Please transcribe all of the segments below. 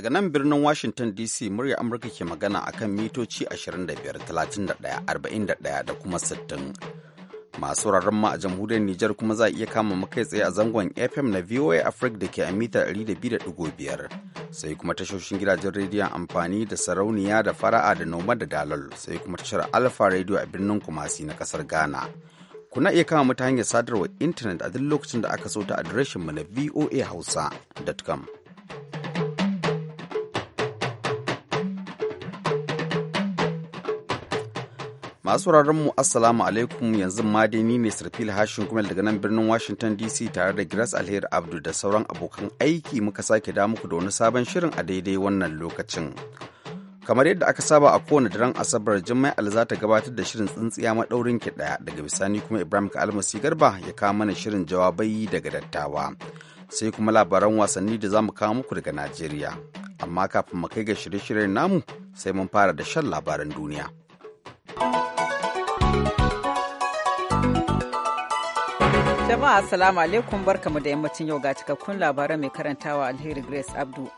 Daga nan birnin Washington DC murya Amurka ke magana a kan mitoci 25-31-41 da kuma 60. Masu wuraren ma a jamhuriyar Nijar kuma za a iya kama makai tsaye a zangon FM na VOA Africa da ke a mita 200.5 sai kuma tashoshin gidajen rediyon amfani da sarauniya da fara'a da noma da dalal sai kuma tashar Alfa Radio a birnin Kumasi na kasar Ghana. Kuna iya kama mu ta hanyar sadarwar intanet a duk lokacin da aka so ta mu na voahausa.com. Masu mu Assalamu alaikum yanzu ma dai ni ne Sarfil Hashin kuma daga nan birnin Washington DC tare da Grace Alheri Abdu da sauran abokan aiki muka sake da muku da wani sabon shirin a daidai wannan lokacin. Kamar yadda aka saba a kowane daren Asabar jimai za ta gabatar da shirin tsintsiya maɗaurin ki ɗaya daga bisani kuma Ibrahim Kalmasi Garba ya kawo mana shirin jawabai daga dattawa. Sai kuma labaran wasanni da zamu kawo muku daga Najeriya. Amma kafin mu kai ga shirye-shiryen namu sai mun fara da shan labaran duniya. Jama'a Assalamu alaikum barkamu da yammacin yau ga cikakkun labaran mai karantawa Alheri Grace Abdu.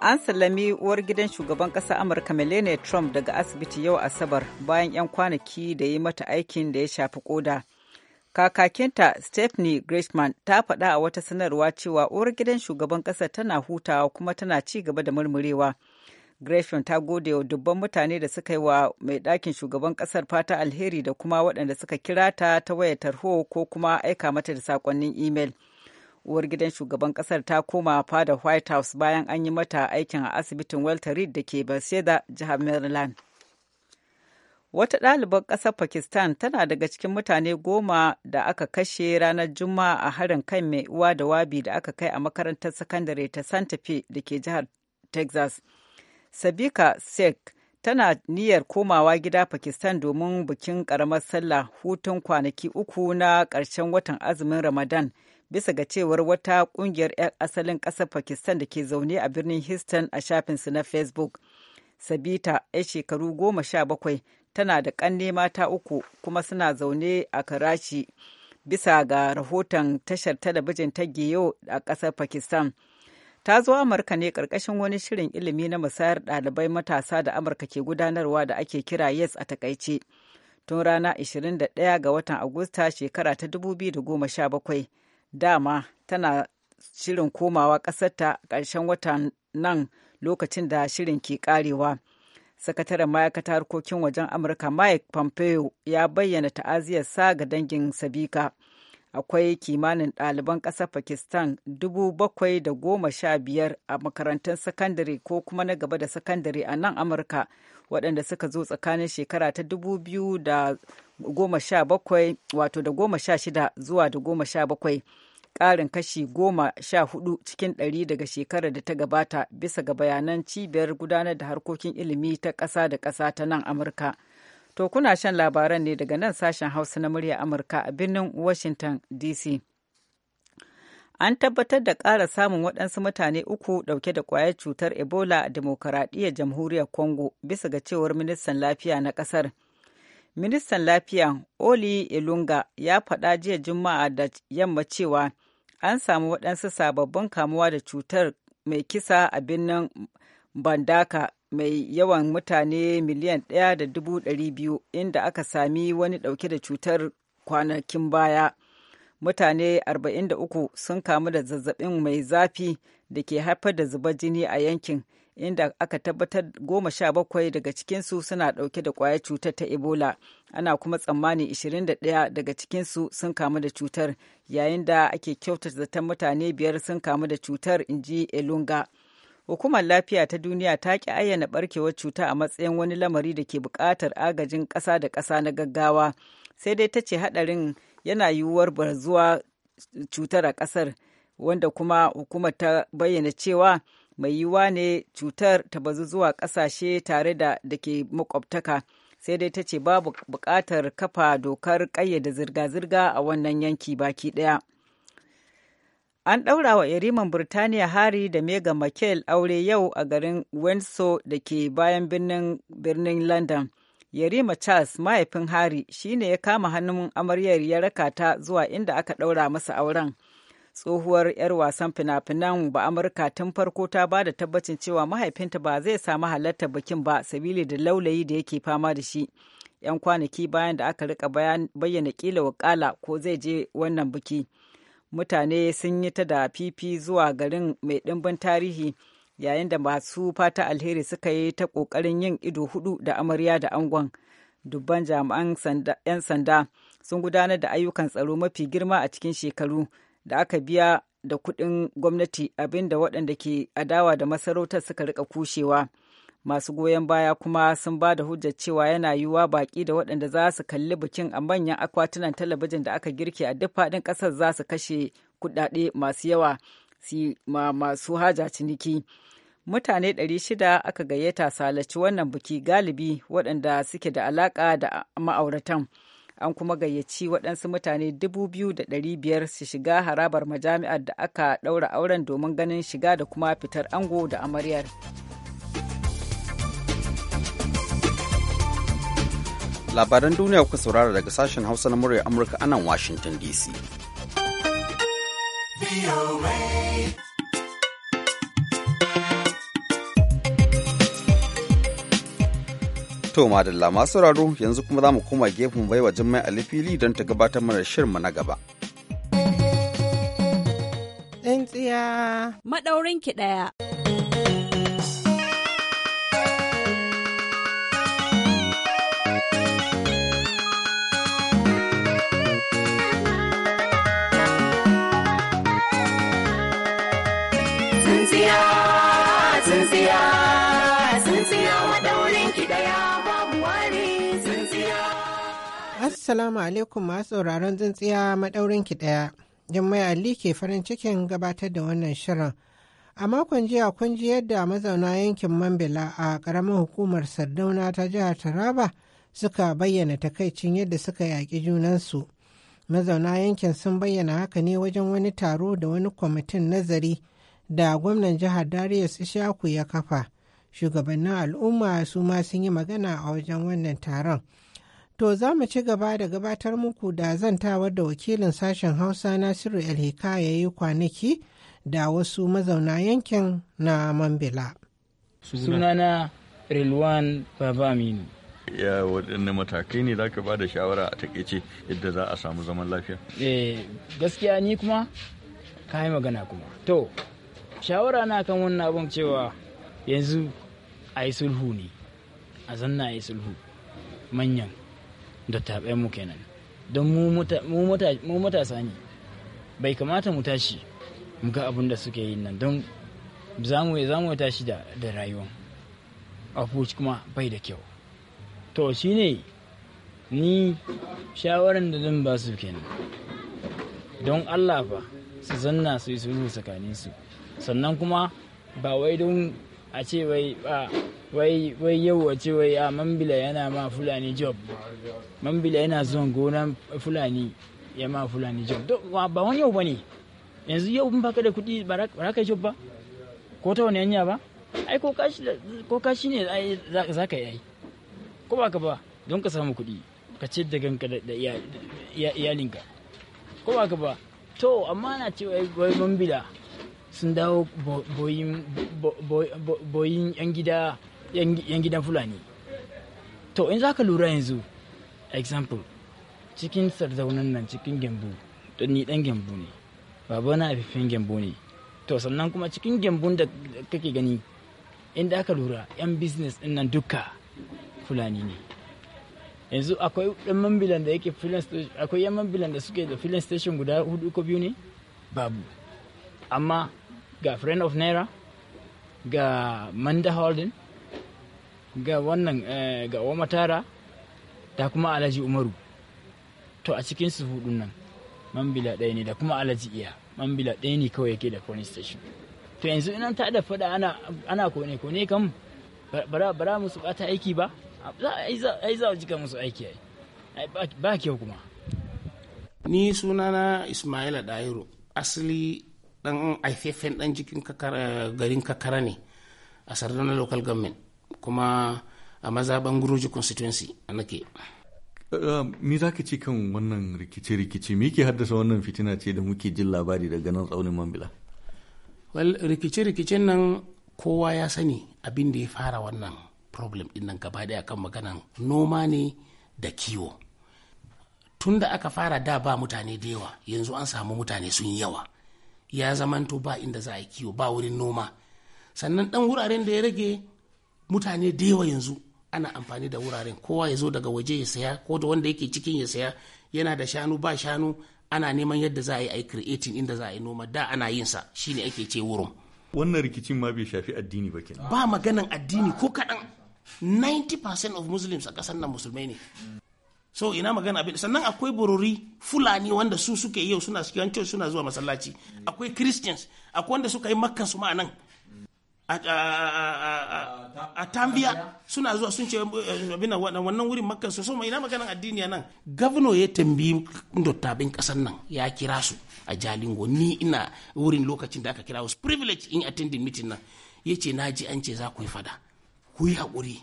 An sallami uwar gidan shugaban ƙasa Amurka Melania Trump daga asibiti yau Asabar bayan 'yan kwanaki da yi mata aikin da ya shafi koda. Kakakinta Stephanie Grishman ta faɗa a wata sanarwa cewa uwar gidan shugaban ƙasa tana hutawa kuma tana ci gaba da murmurewa. Gresham ta gode wa dubban mutane da suka yi wa mai ɗakin shugaban ƙasar fata alheri da kuma waɗanda suka kira ta ta wayar tarho ko kuma aika mata da saƙonnin imel. Uwar gidan shugaban ƙasar ta koma fada White House bayan an yi mata aikin a asibitin Walter Reed da ke Bethesda, jihar Maryland. Wata ɗalibar ƙasar Pakistan tana daga cikin mutane goma da aka kashe ranar Juma'a a harin kan mai uwa da wabi da aka kai a makarantar sakandare ta Santa Fe da ke jihar Texas. sabika sek tana niyyar komawa gida pakistan domin bikin karamar sallah hutun kwanaki uku na ƙarshen watan azumin ramadan bisa ga cewar wata ƙungiyar 'yan asalin ƙasar pakistan da ke zaune a birnin houston a shafinsu na facebook sabita 'yan shekaru goma sha bakwai tana da ƙanne mata uku kuma suna zaune a karachi bisa ga rahoton tashar talabijin ta geo a ƙasar pakistan ta zo amurka ne karkashin wani shirin ilimi na musayar ɗalibai matasa da amurka ke gudanarwa da ake kira yes a takaice tun rana 21 ga watan agusta shekara ta 2017 dama tana shirin komawa ƙasarta ƙarshen watan nan lokacin da shirin ke ƙarewa sakataren ma'aikata harkokin wajen amurka mike pompeo ya bayyana ta'aziyar sa ga dangin sabika akwai kimanin ɗaliban ƙasar pakistan dubu bakwai da goma sha biyar a makarantun sakandare ko kuma na gaba da sakandare a nan amurka waɗanda suka zo tsakanin shekara ta dubu biyu da goma sha bakwai wato da goma sha shida zuwa da goma sha bakwai ƙarin kashi goma sha hudu cikin ɗari daga shekarar da ta gabata bisa ga bayanan cibiyar gudanar da harkokin ilimi ta ƙasa da ƙasa ta nan amurka To kuna shan labaran ne daga nan sashen Hausa na murya Amurka a birnin Washington DC. An tabbatar da ƙara samun waɗansu mutane uku ɗauke da ƙwayar cutar Ebola a Demokaraɗiyyar jamhuriyar Congo bisa ga cewar ministan lafiya na ƙasar. Ministan lafiya Oli Elunga ya faɗa jiya Juma'a da yamma cewa an samu waɗansu sababbin kamuwa da cutar mai kisa a birnin Bandaka mai yawan mutane miliyan ɗaya da dubu ɗari biyu inda aka sami wani ɗauke da cutar kwanakin baya mutane 43 sun kamu da zazzabin mai zafi da ke haifar da zubar jini a yankin inda aka tabbatar goma sha bakwai daga cikinsu suna ɗauke da ƙwayar cutar ta ebola ana kuma tsammani 21 daga cikinsu sun kamu da cutar yayin da ake kyautata zaton mutane biyar sun kamu da cutar inji elunga Hukumar Lafiya ta Duniya ta ki ayyana barkewar cuta a matsayin wani lamari da ke buƙatar agajin ƙasa da ƙasa na gaggawa, sai dai ta ce haɗarin yana yiwuwar barzuwa cutar a ƙasar, wanda kuma hukumar ta bayyana cewa mai yiwuwa ne cutar ta bazu zuwa ƙasashe tare da da ke makwabtaka. sai dai ta ce babu buƙatar kafa dokar ƙayyade zirga-zirga a wannan yanki baki ɗaya. An ɗaura wa yariman Birtaniya Hari da Meghan Markle aure yau a garin Windsor da ke bayan birnin London. Yarima Charles mahaifin Hari shine ya kama hannun amaryar ya raka ta zuwa inda aka ɗaura masa auren. Tsohuwar 'yar wasan fina-finan ba Amurka tun farko ta ba da tabbacin cewa mahaifinta ba zai samu halartar bikin ba sabili da laulayi da yake fama da shi. 'Yan kwanaki bayan da aka rika bayyana ƙila wakala ko zai je wannan biki. mutane sun yi ta da fifi zuwa garin mai ɗimbin tarihi yayin da masu fata alheri suka yi ta ƙoƙarin yin ido hudu da amarya da angon dubban jami'an 'yan sanda sun gudanar da ayyukan tsaro mafi girma a cikin shekaru da aka biya da kuɗin gwamnati abinda waɗanda ke adawa da masarautar suka rika kushewa. masu goyon baya kuma sun ba da hujjar cewa yana yiwuwa baki da waɗanda za su kalli bikin a manyan akwatunan talabijin da aka girke a duk faɗin ƙasar za su kashe kuɗaɗe masu yawa si ma masu haja ciniki mutane 600 aka gayyata salaci wannan biki galibi waɗanda suke da alaƙa da ma'auratan an kuma gayyaci waɗansu mutane 2,500 su shiga harabar majami'ar da aka ɗaura auren domin ganin shiga da kuma fitar ango da amaryar. labaran duniya kuka saurara daga sashen hausa na murya amurka a nan washington dc To madalla masu sauraro yanzu kuma za mu koma gefen baiwa Jummai fili don ta gabatar mana shirinmu na gaba. Tsintsiya. Maɗaurinki ɗaya. Assalamu alaikum masu sauraron tsintsiya maɗaurin ki ɗaya. Jummai Ali ke farin cikin gabatar da wannan shirin. A makon jiya kun ji yadda mazauna yankin Mambila a ƙaramin hukumar Sardauna ta jihar Taraba suka bayyana takaicin yadda suka yaƙi junansu. Mazauna yankin sun bayyana haka ne wajen wani taro da wani kwamitin nazari da gwamnan jihar Darius Ishaku ya kafa. Shugabannin al'umma su ma sun yi magana a wajen wannan taron. To za mu ci gaba da gabatar muku da zantawar da wakilin sashen Hausa Nasiru Alhika ya yi kwanaki da wasu mazauna yankin na Mambila. Sunana Rilwan Baba Aminu. Ya waɗanne matakai ne za ka ba da shawara a takaice yadda za a samu zaman lafiya? Eh, gaskiya ni kuma ka yi magana kuma. To, shawara na kan wannan abin cewa yanzu a yi sulhu ne, a zanna a yi sulhu manyan. dattaɓen mu kenan don mu matasa ne bai kamata mu tashi mu ga abin da suke yi nan don za mu ya tashi da rayuwa approach kuma bai da kyau to shi ne ni shawaran da zan ba su kenan don allah fa su zanna su yi sulhu tsakaninsu sannan kuma ba wai don a ce wai ba wai yau yau wace wai a mambila yana ma fulani job mambila yana zuwan gonan fulani ya ma fulani job ba wani yau ba ne. yanzu yau in baka da kuɗi ba za ka job ba ko ta wani hanya ba ai ko kashi ne za ka yi ko ba ka ba don ka samu kuɗi ka ce da ganka da iyalinka ko ba ka ba to amma na ce wai mambila sun dawo boyin yan gida yan gidan fulani to in za ka lura yanzu example cikin sarzaunan nan cikin gembu don ni dan gembu ne babana na aifin gembu ne to sannan kuma cikin gembun da kake gani inda aka lura yan business din nan duka fulani ne yanzu akwai dan mambilan da yake filin station akwai yan mambilan da suke da filin station guda hudu ko biyu ne babu amma ga friend of naira ga manda holding ga wannan eh, ga Matara da kuma Alhaji Umaru to a cikin su hudun nan mambila ɗaya ne da kuma Alhaji Iya mambila ɗaya ne kawai yake da police station to yanzu inan ta da faɗa ana ana kone kone kam bara bara musu bata aiki ba ai za a jika musu aiki ai ba kyau kuma ni sunana Ismaila Dairo asali dan aifefen dan jikin garin kakara ne a sardana local government kuma a mazaɓan guruji constituency a nake uh, Mi za ka ce kan wannan rikice-rikice me ke haddasa wannan fitina ce da muke jin labari daga nan tsaunin mambila well rikice-rikicen nan kowa ya sani abin da ya fara wannan problem din nan gaba daya kan maganan noma ne da kiwo tun da aka fara da ba mutane da yawa yanzu an samu mutane sun yawa ya zamanto ba inda za a yi kiwo ba wurin noma sannan dan wuraren da ya rage mutane da yawa yanzu ana amfani da wuraren kowa ya zo daga waje ya saya ko da wanda yake cikin ya saya yana da shanu ba shanu ana neman yadda za a yi a creating inda za a yi noma da ana yin sa shine ake ce wurin wannan rikicin ma bai shafi addini ba kenan ba maganan addini ko kaɗan 90% of muslims a ƙasar nan musulmai ne so ina magana abin sannan akwai bururi fulani wanda su suke yau suna suke suna zuwa masallaci akwai christians akwai wanda suka yi makkan su ma nan a tambiya suna zuwa sun ce eh, abin wannan wurin makka su so ina maganan addini nan gavano ya tambayi dottabin kasar nan ya kira su a jalingo ni ina wurin lokacin da aka kira wasu privilege in attending meeting nan ya ce na ji an ce za ku yi fada ku yi haƙuri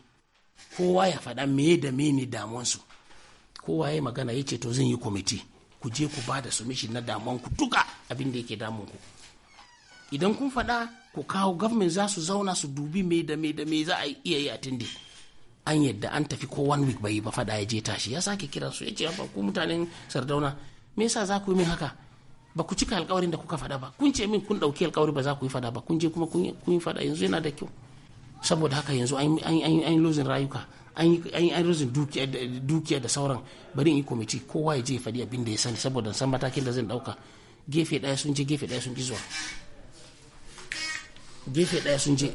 kowa ya fada me da me ne damuwansu kowa ya magana ya ce to zan yi kwamiti ku je ku ba da submission na damuwanku duka abin da yake ku. idan kun faɗa ku kawo gwamnati za su zauna su dubi me da me da me za a iya yi a tindi an yadda an tafi ko one week bai ba faɗa ya je tashi ya sake kiran su ya ce ba ku mutanen sardauna me yasa za ku yi min haka ba ku cika alkawarin da kuka faɗa ba kun ce min kun ɗauki alkawari ba za ku yi faɗa ba kun je kuma kun yi faɗa yanzu yana da kyau saboda haka yanzu an yi lozin rayuka an yi lozin dukiya da sauran bari in yi kwamiti kowa ya je ya faɗi abin da ya sani saboda san matakin da zan ɗauka gefe ɗaya sun je gefe ɗaya sun ki zuwa gefe daya sun je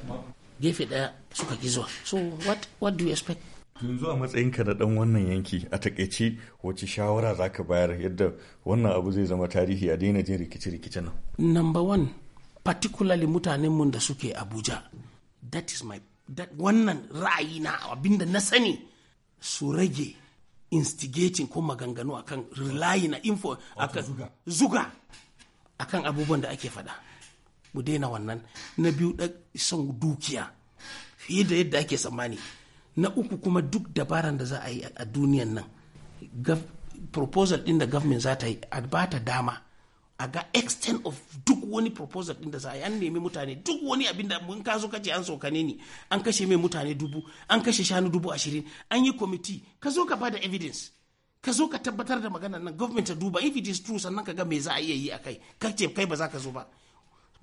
gefe daya suka ki zuwa so what what do you expect tun zuwa matsayinka na dan wannan yanki a takaice wace shawara za ka bayar yadda wannan abu zai zama tarihi a daina jin rikice-rikice nan number one particularly mutanen mun da suke abuja that is my wannan ra'ayi na abinda na sani su rage instigating ko maganganu akan relying na info akan zuga akan abubuwan da ake faɗa mu daina wannan na biyu son dukiya fiye da yadda ake tsammani na uku kuma duk dabaran da za a yi a duniyan nan proposal din da government za ta yi a ba ta dama a ga extent of duk wani proposal din da za a yi an nemi mutane duk wani abin da mun ka zo kace an ne ni an kashe mai mutane dubu an kashe shanu dubu ashirin an yi committee ka zo ka bada evidence ka zo ka tabbatar da maganar nan government ta duba if it is true sannan ka ga me za a iya yi a kai ka kai ba za ka zo ba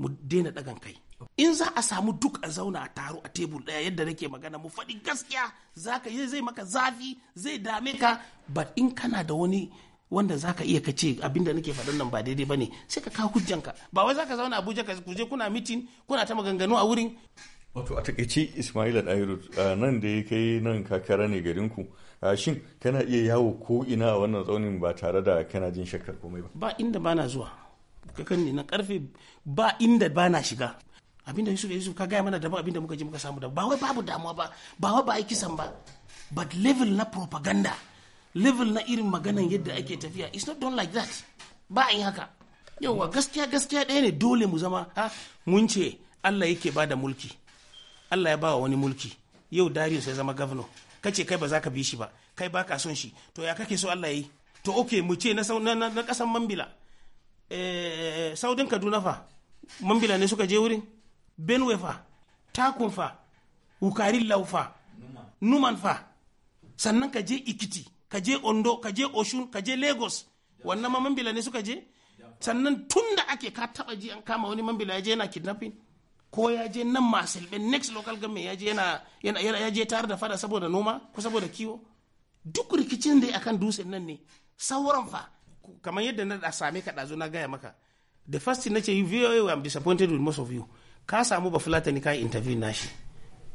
mu daina ɗagan kai in za a samu duk a zauna a taro a tebur ɗaya yadda nake magana mu faɗi gaskiya za ka yi zai maka zafi zai dame ka ba in kana da wani wanda za ka iya kace ce abinda nake faɗan nan ba daidai ba ne sai ka kawo hujjanka ba wai za ka zauna Abuja ka kuje kuna mitin kuna ta maganganu a wurin wato a takaice Ismaila Dairu nan da ya kai nan kakara ne garin ku shin kana iya yawo ko ina a wannan tsaunin ba tare da kana jin shakkar komai ba ba inda bana zuwa kakan ne na karfe ba inda ba na shiga abinda yusuf yusuf ka gaya mana daban abinda muka ji muka samu da ba wai babu damuwa ba ba wai ba yi kisan ba but level na propaganda level na irin maganan yadda ake tafiya it's not done like that ba a yi haka yauwa gaskiya gaskiya ɗaya ne dole mu zama ha mun ce Allah yake ba da mulki Allah ya ba wa wani mulki yau Darius ya zama ka ce kai ba za ka bi shi ba kai ba ka son shi to ya kake so Allah yi to okay mu ce na na kasan Mambila Eh, saudin kaduna fa mambila ne suka je wurin benue fa takun fa wukarin laufa numan fa sannan ka je ikiti ka je ondo ka je oshun ka je lagos wannan ma mambila ne suka je sannan tun da ake ka taba ji an kama wani mambila ya je yana kidnapping ko ya je nan masu next local government ya je yana ya tare da fada saboda noma ko saboda kiwo duk rikicin da akan dutsen nan ne sauran fa kamar yadda na same ka ɗazu na gaya maka the first thing na ce VOA I'm disappointed with most of you ka samu ba fulatani ka interview nashi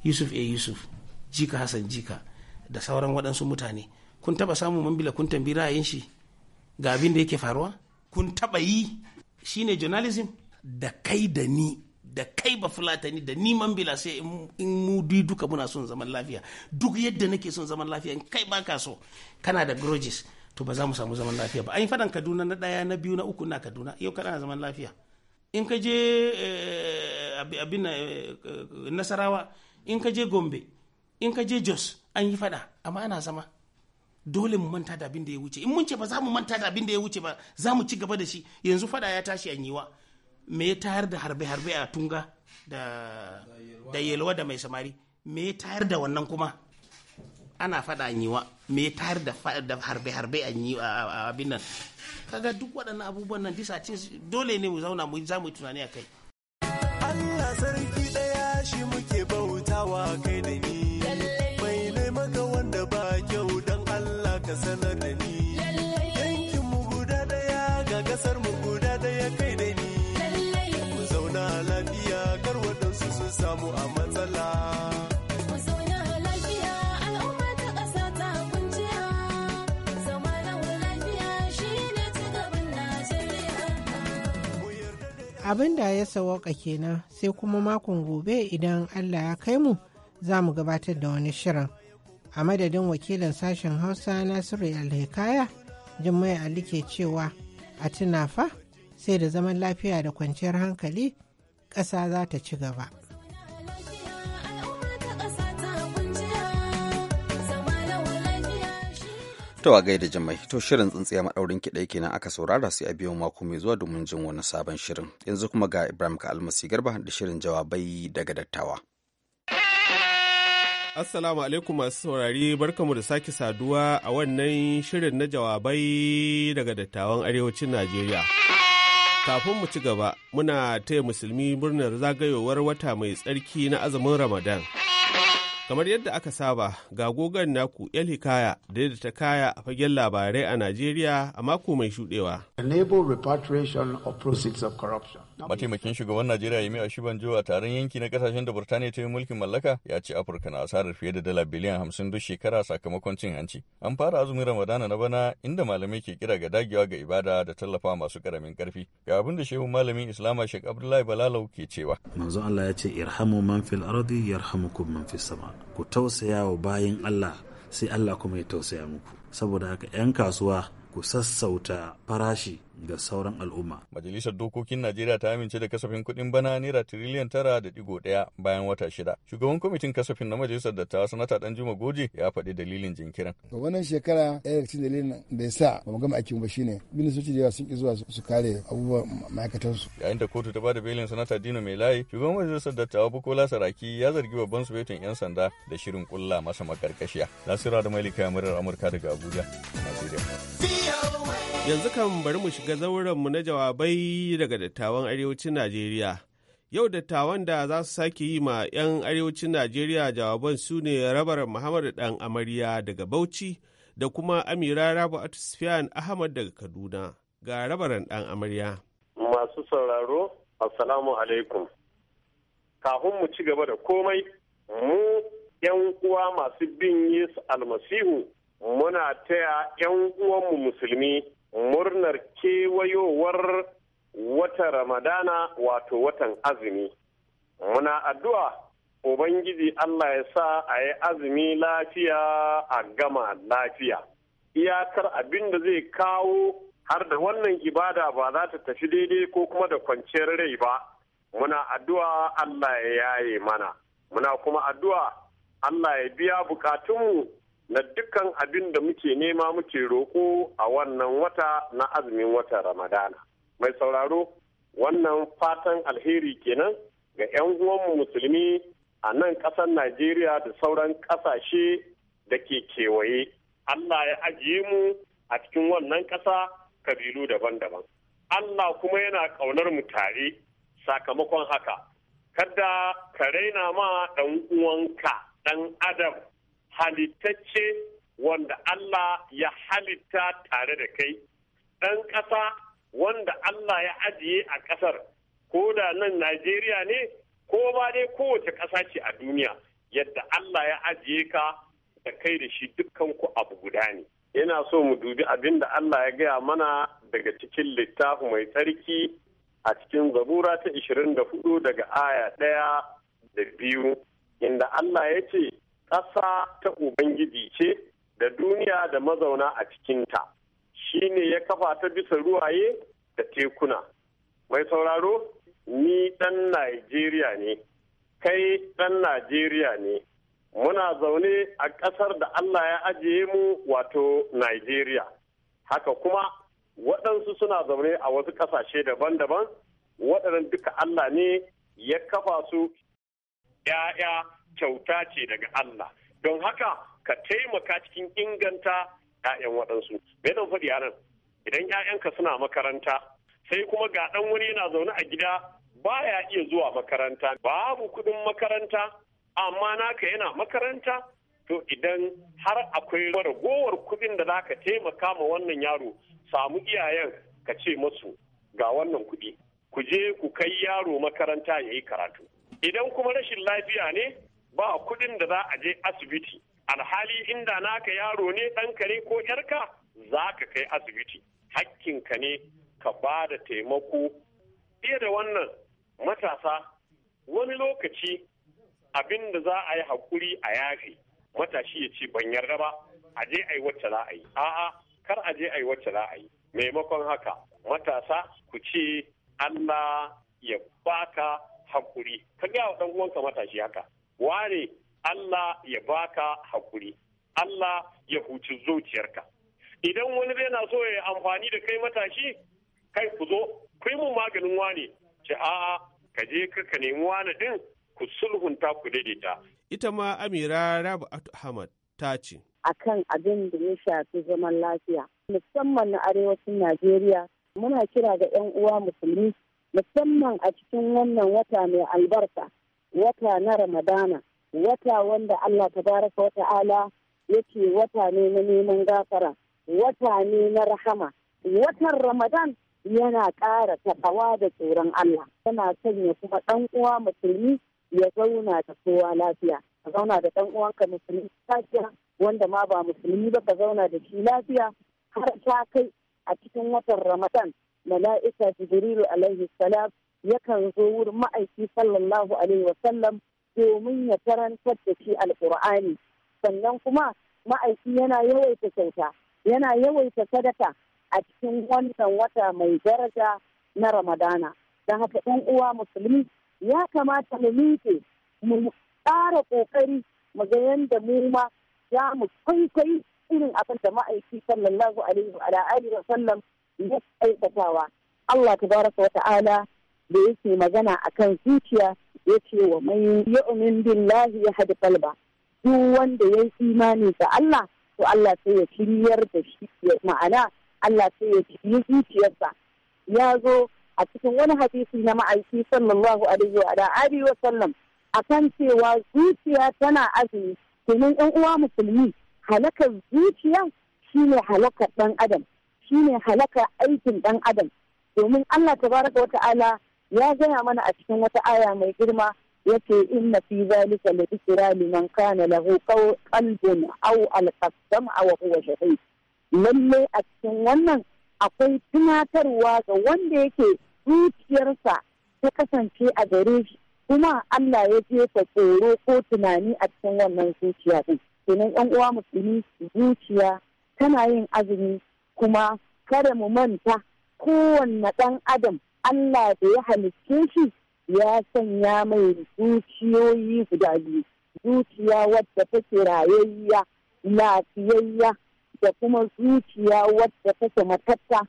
Yusuf A Yusuf Jika Hassan Jika da sauran waɗansu mutane kun taba samun mambila kun tambi ra'ayin shi ga abin da yake faruwa kun taba yi shine journalism da kai da ni da kai ba fulatani da ni man bila sai in mu duka muna son zaman lafiya duk yadda nake son zaman lafiya in kai baka so kana da grudges to ba za mu samu zaman lafiya ba an yi faɗan kaduna na ɗaya na biyu na uku na kaduna yau kana zaman lafiya in ka je eh, eh, nasarawa in ka je gombe in ka je jos an yi faɗa amma ana zama dole mu manta da abin da ya wuce in mun ce ba za mu manta da abin da ya wuce ba za mu ci gaba da shi yanzu faɗa ya tashi an yiwa me ya tayar da harbe-harbe a tunga da yelwa da mai samari me ya tayar da wannan kuma ana faɗa an yiwa me tayar da harbe-harbe a yi abin nan kaga duk waɗannan abubuwan nan disa dole ne mu zauna mu za mu yi tunani a kai Allah sarki ɗaya shi muke bautawa kai abin da ya sawaka kenan sai kuma makon gobe idan allah ya kai mu za mu gabatar da wani shirin a madadin wakilin sashen hausa nasiru alhikaya jimmai ali ke cewa a tunafa sai da zaman lafiya da kwanciyar hankali ƙasa za ta ci gaba. To a gaida jimai, to shirin tsintsiya maɗaurin kiɗa kenan aka saurara sai a biyo mako mai zuwa domin jin wani sabon shirin. Yanzu kuma ga Ibrahim ka almasi garba da shirin jawabai daga dattawa. Assalamu alaikum masu saurari barkamu da sake saduwa a wannan shirin na jawabai daga dattawan arewacin Najeriya. Kafin mu ci gaba, muna taya musulmi murnar zagayowar wata mai tsarki na azumin Ramadan. Kamar yadda aka saba, ga gogon naku El Hikaya da ta kaya a fagen labarai a Najeriya a mako mai shudewa. Enable repatriation of proceeds of corruption. Mataimakin shugaban Najeriya ya Oshibanjo a taron yanki na kasashen da Burtaniya ta yi mulkin mallaka ya ce Afirka na asarar fiye da dala biliyan hamsin duk shekara sakamakon cin hanci. An fara azumin Ramadana na bana inda malamai ke kira ga dagewa ga ibada da tallafa masu karamin karfi. Ga abinda da shehu malamin Islama Sheikh Abdullahi Balalau ke cewa. Manzo Allah ya ce irhamu man fil ardi yarhamukum man fis sama. Ku tausaya wa bayin Allah sai Allah kuma ya tausaya muku. Saboda haka 'yan kasuwa ku sassauta farashi ga sauran al'umma. Majalisar Dokokin Najeriya ta amince da kasafin kuɗin bana naira tiriliyan tara da digo ɗaya bayan wata shida. Shugaban kwamitin kasafin na majalisar dattawa sanata juma Goje ya faɗi dalilin jinkirin. Wannan shekara ɗaya daga cikin dalilin da ya sa ba mu gama aikin ba shine ministoci da yawa sun ki zuwa su kare abubuwan ma'aikatansu. Yayin da kotu ta bada belin sanata Dino layi, shugaban majalisar dattawa Bukola Saraki ya zargi babban sufetin 'yan sanda da shirin kulla masa makarkashiya. Nasiru Adamu Ali Murar Amurka daga Abuja, Najeriya. Yanzu kan bari mu shiga ga zaurenmu na jawabai daga dattawan arewacin Najeriya. Yau dattawan da za su sake yi ma 'yan arewacin Najeriya jawaban su ne rabar Muhammadu Dan Amarya daga Bauchi da kuma Amira Rabu Atisfiyan Ahmad daga Kaduna ga rabaran Dan Amarya. Masu sauraro, Assalamu alaikum. Kafin mu ci gaba da komai, mu 'yan uwa masu bin Yesu almasihu muna taya 'yan uwanmu musulmi murnar kewayowar wata ramadana wato watan azumi muna addu'a ubangiji allah ya sa a yi azumi lafiya a gama lafiya iyakar abin da zai kawo har da wannan ibada ba za ta tafi daidai ko kuma da kwanciyar rai ba muna addu'a allah ya yaye mana muna kuma addu'a allah ya biya bukatunmu na dukkan abin da muke nema muke roƙo a wannan wata na azumin watan ramadana mai sauraro wannan fatan alheri kenan ga 'yan uwanmu musulmi a nan ƙasar najeriya da sauran ƙasashe da ke kewaye allah ya ajiye mu a cikin wannan ƙasa kabilu daban-daban allah kuma yana ƙaunar mu tare sakamakon haka kada ka raina ma ɗan uwanka ɗan adam halittacce wanda Allah ya halitta tare da kai, ɗan ƙasa wanda Allah ya ajiye a ƙasar, ko da nan Najeriya ne, ko ba dai kowace ƙasa ce a duniya, yadda Allah ya ajiye ka da kai da shi dukkan ku abu guda ne. Yana so mu dubi abin da Allah ya gaya mana daga cikin littafi mai tsarki a cikin zabura ta 24 daga aya ɗaya da biyu, inda Allah ya ce, ƙasa ta Ubangiji ce da duniya da mazauna a cikinta, shi ne ya kafa ta bisa ruwaye da tekuna. Mai sauraro, ni ɗan Najeriya ne, kai ɗan Najeriya ne, muna zaune a ƙasar da Allah ya ajiye mu wato Najeriya. Haka kuma waɗansu suna zaune a wasu ƙasashe daban-daban, waɗannan duka Allah ne ya kafa su ‘ya'ya kyauta ce daga Allah don haka ka taimaka cikin inganta 'ya'yan waɗansu me zan faɗi a idan 'ya'yanka suna makaranta sai kuma ga ɗan wani yana zaune a gida baya iya zuwa makaranta babu kuɗin makaranta amma naka yana makaranta to idan har akwai ragowar kuɗin da za ka taimaka ma wannan yaro samu iyayen ka ce masu ga wannan kuɗi ku je ku kai yaro makaranta ya yi karatu idan kuma rashin lafiya ne ba kuɗin da za a je asibiti alhali inda naka yaro ne ɗanka ne ko yarka za ka kai asibiti Hakkin ka ne ka ba da taimako fiye da wannan matasa wani lokaci abin da za a yi hakuri a yafe matashi ya ce ban yarda ba a je a yi wacce za a yi a'a kar a je a yi wacce za a yi maimakon haka matasa ku ce Allah ya baka hakuri. ka gaya wa ɗan uwanka matashi haka Ware, Allah ya baka hakuri Allah ya huci zuciyarka idan wani yana so ya amfani da kai matashi kai ku zo ku yi mun maganin wane ce a'a ka je ka nemi wane din ku sulhunta ku daidaita ita ma Amira Rabu Ahmad ta ce A kan abin da ya shafi zaman lafiya musamman na arewacin Najeriya muna kira ga 'yan uwa musulmi musamman a cikin wannan wata mai albarka wata na ramadana wata wanda allah tabaraka wa ta'ala yake wata ne na neman gafara wata ne na rahama watan ramadan yana ƙara taɓawa da tsoron allah yana sanya kuma ɗan uwa musulmi ya zauna da kowa lafiya ka zauna da ɗan uwanka musulmi lafiya wanda ma ba musulmi ba ka zauna da shi lafiya har ta kai a cikin watan ramadan mala'ika jibrilu alaihi salam yakan zo wurin ma'aiki sallallahu alaihi wasallam domin ya karantar da shi alkur'ani sannan kuma ma'aiki yana yawaita kyauta yana yawaita sadaka a cikin wannan wata mai daraja na ramadana don haka ɗan uwa musulmi ya kamata mu miƙe mu ƙara ƙoƙari mu ga yadda mu ma za mu kwaikwayi irin abin da ma'aiki sallallahu alaihi wa sallam ya aikatawa Allah tabaraka wa ta'ala da yake magana akan zuciya ya ce wa mai yu'min billahi ya hadi kalba duk wanda ya yi imani ga Allah to Allah sai ya kiriyar da shi ma'ana Allah sai ya shirye zuciyarsa ya zo a cikin wani hadisi na ma'aiki sallallahu alaihi wa alihi wa sallam akan cewa zuciya tana azumi domin yan uwa musulmi halakar zuciya shine halakar dan adam shine halakar aikin dan adam domin Allah tabaraka wa ta'ala ya gaya mana a cikin wata aya mai girma ya inna fi zalika la dhikra liman kana lahu qalbun aw al-qasam aw huwa shahid lalle a cikin wannan akwai tunatarwa ga wanda yake zuciyarsa ta kasance a gare shi kuma Allah ya je jefa tsoro ko tunani a cikin wannan zuciya din kenan yan uwa musulmi zuciya tana yin azumi kuma kada mu manta kowanne ɗan adam Allah da ya halicce shi ya sanya mai zuciyoyi guda biyu zuciya wadda take rayayya lafiyayya da kuma zuciya wadda take matatta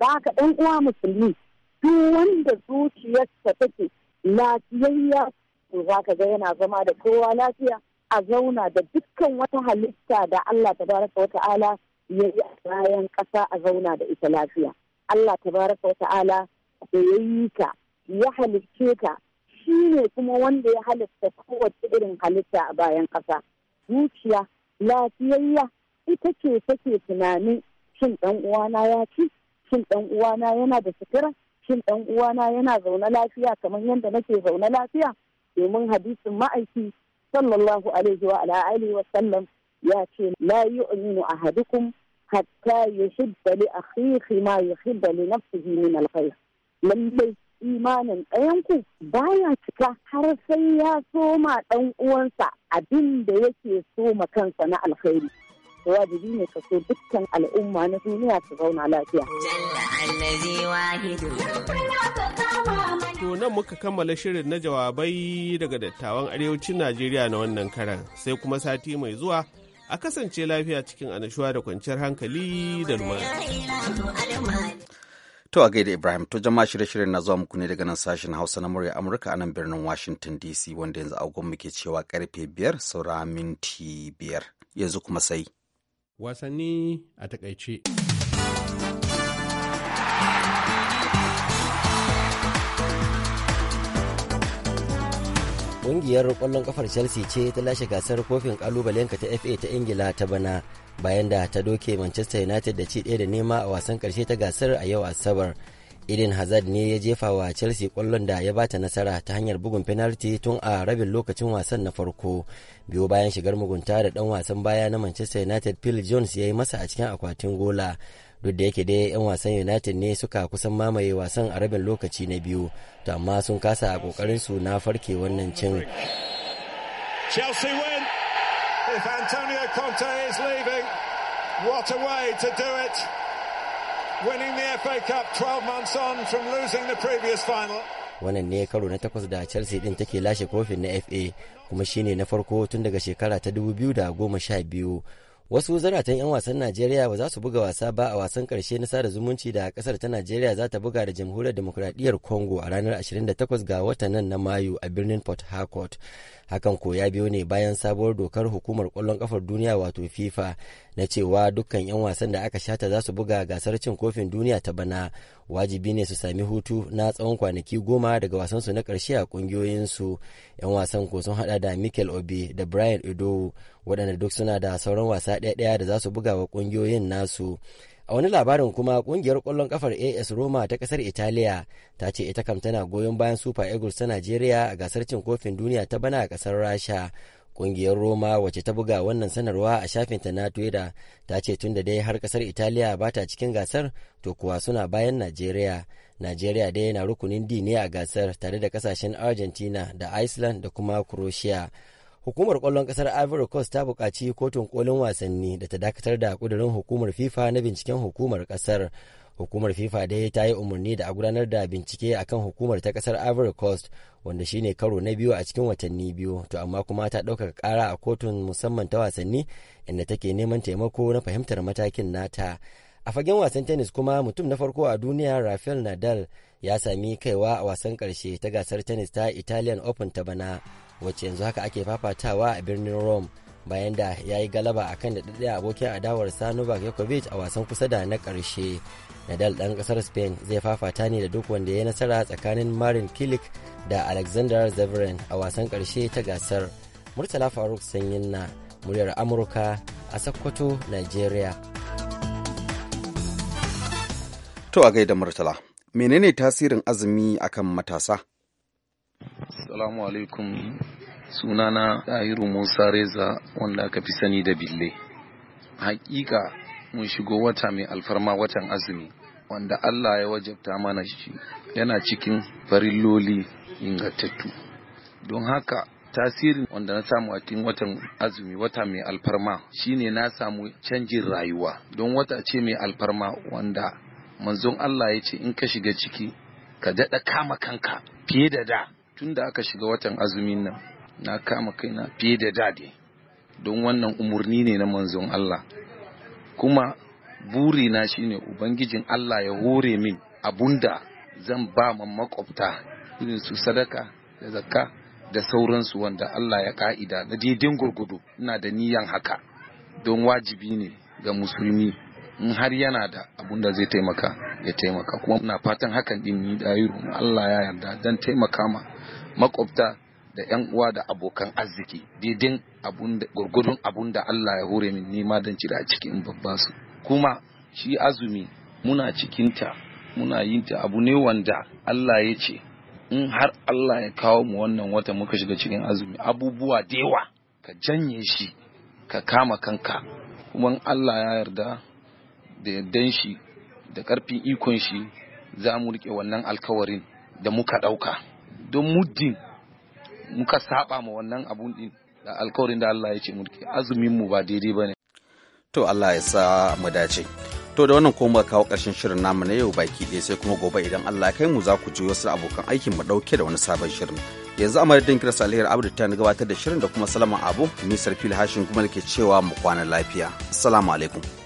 ba ka ɗan uwa musulmi duk wanda zuciyarsa take lafiyayya to za ka ga yana zama da kowa lafiya a zauna da dukkan wata halitta da Allah baraka wa ta'ala ya yi a bayan ƙasa a zauna da ita lafiya Allah tabaraka wa ta'ala da ya yi ka ya halicce ka shi ne kuma wanda ya halitta kowace irin halitta a bayan ƙasa zuciya lafiyayya ita ce take tunanin shin ɗan uwana ya ci shin ɗan uwana yana da sutura shin ɗan uwana yana zaune lafiya kamar yadda nake zaune lafiya domin hadisin ma'aiki sallallahu alaihi wa alihi wa sallam ya ce la yu'minu ahadukum hatta yuhibba li akhihi ma yuhibba li nafsihi min alkhair lallai imanin ɗayanku baya cika har sai ya soma ɗan uwansa abin da yake soma kansa na alkhairi. wajibi ne ka so dukkan al'umma na duniya su zauna lafiya. To nan muka kammala shirin na jawabai daga dattawan arewacin Najeriya na wannan karan sai kuma sati mai zuwa a kasance lafiya cikin anashuwa da kwanciyar hankali da lumana. To a gaida Ibrahim to jama'a shirye-shiryen na zuwa muku ne daga nan sashen Hausa na murya Amurka a nan birnin Washington DC wanda yanzu agon muke cewa karfe biyar saura minti biyar yanzu kuma sai. Wasanni a takaice. Ƙungiyar kwallon kafar Chelsea ce ta lashe gasar kofin ƙalubalenka ta FA ta Ingila ta bana bayan da ta doke Manchester United da ci ɗaya da nema a wasan karshe ta gasar a yau Asabar. Eden Hazard ne ya jefa wa Chelsea ƙwallon da ya bata nasara ta hanyar bugun penalty tun a rabin lokacin wasan na farko. Biyo bayan shigar mugunta da ɗan wasan baya na Manchester United Phil Jones ya yi masa a cikin akwatin gola. duk da yake dai 'yan wasan united ne suka kusan mamaye wasan a rabin lokaci na biyu to amma sun kasa a kokarin su na farke wannan cin chelsea win if antonio conte is leaving what a way to do it winning the fa cup 12 months on from losing the previous final wannan ne karo na takwas da chelsea din take lashe kofin na fa kuma shine na farko tun daga shekara ta 2012 wasu zaratan 'yan wasan najeriya ba za su buga wasa ba a wasan karshe na sada zumunci da kasar ta najeriya za ta buga da jamhuriyar demokuraɗiyyar congo a ranar 28 ga watan nan na mayu a birnin port harcourt hakan ko ya biyo ne bayan sabuwar dokar hukumar kwallon kafar duniya wato fifa na cewa dukkan 'yan wasan da aka shata za su buga gasar cin kofin duniya ta bana wajibi ne su sami hutu na tsawon kwanaki goma daga wasansu na ƙarshe a ƙungiyoyinsu 'yan wasan ko sun hada da michael obi da brian edo waɗanda duk suna da sauran wasa ɗaya-ɗaya da za su buga wa ƙungiyoyin nasu a wani labarin kuma kungiyar kwallon kafar as roma ta kasar italiya ta ce ita kam tana goyon bayan super eagles ta nigeria a gasar cin kofin duniya ta bana a kasar rasha Ƙungiyar Roma wacce ta buga wannan sanarwa a shafin ta na Twitter ta ce tun da dai har kasar Italiya ba ta cikin gasar to kuwa suna bayan Najeriya. Najeriya dai na rukunin dini a gasar tare da kasashen Argentina da Iceland da kuma Croatia. Hukumar kwallon kasar Ivory Coast ta buƙaci kotun kolin wasanni da ta dakatar da ƙudurin hukumar FIFA na binciken hukumar kasar. hukumar fifa dai ta yi umarni da a gudanar da bincike kan hukumar ta kasar ivory coast wanda shine karo na biyu a cikin watanni biyu to amma kuma ta ɗaukaka kara a kotun musamman ta wasanni inda take neman taimako na fahimtar matakin nata a fagen wasan tennis kuma mutum na farko a duniya rafael nadal ya sami kaiwa a wasan karshe ta gasar tennis ta italian open ta bana wacce yanzu haka ake fafatawa a birnin rome bayan da ya yi galaba akan da abokin adawar novak yakovic a wasan kusa da na karshe nadal ɗan ƙasar spain zai fafata ne da duk wanda ya nasara tsakanin marin kilik da alexander zevran a wasan ƙarshe ta gasar murtala faruk sanyin na muryar amurka a sokoto nigeria to a gaida murtala menene tasirin azumi akan matasa Salamu alaikum sunana Ahiru Musa Reza wanda aka fi sani da Bille. Hakika mun shigo wata mai alfarma watan azumi wanda Allah ya wajabta mana shi yana cikin farilloli ingantattu don haka tasirin wanda na samu a cikin watan azumi wata mai alfarma shine na samu canjin rayuwa don wata ce mai alfarma wanda manzon Allah ya ce in ka shiga ciki ka daɗa kama kanka fiye da da tun da aka shiga watan azumin nan na kama kaina fiye da da don wannan umarni ne na manzon Allah kuma burina shine ubangijin Allah ya hore min abunda zan ba ma makwabta irin su sadaka da zakka da sauransu wanda Allah ya ka'ida na daidin gurgudu ina da niyan haka don wajibi ne ga musulmi in har yana da abunda zai taimaka ya taimaka kuma ina fatan hakan din ni da Allah ya yarda dan taimaka ma makwabta da yan uwa da abokan arziki didin gurgurun abun da Allah ya hore min nima don cire a cikin babba su kuma shi azumi muna cikinta muna yin ta abu ne wanda Allah ya ce in har Allah ya kawo mu wannan wata muka shiga cikin azumi abubuwa da yawa ka janye shi ka kama kanka kuma Allah ya yarda da yardan shi da karfin ikon shi za mu rike wannan alkawarin da muka ɗauka don muddin muka saba ma wannan abun din da alkawarin da Allah ya ce mu azumin mu ba daidai bane to Allah ya sa mu dace To da wannan kuma kawo ƙarshen shirin namu na yau baki ɗaya sai kuma gobe idan Allah ya kai mu za ku ji wasu abokan aikin mu ɗauke da wani sabon shirin. Yanzu a madadin Kiras Alheri Abdu ta gabatar da shirin da kuma Salama Abu, Nisar sarfil Hashin kuma da ke cewa mu kwana lafiya. Assalamu alaikum.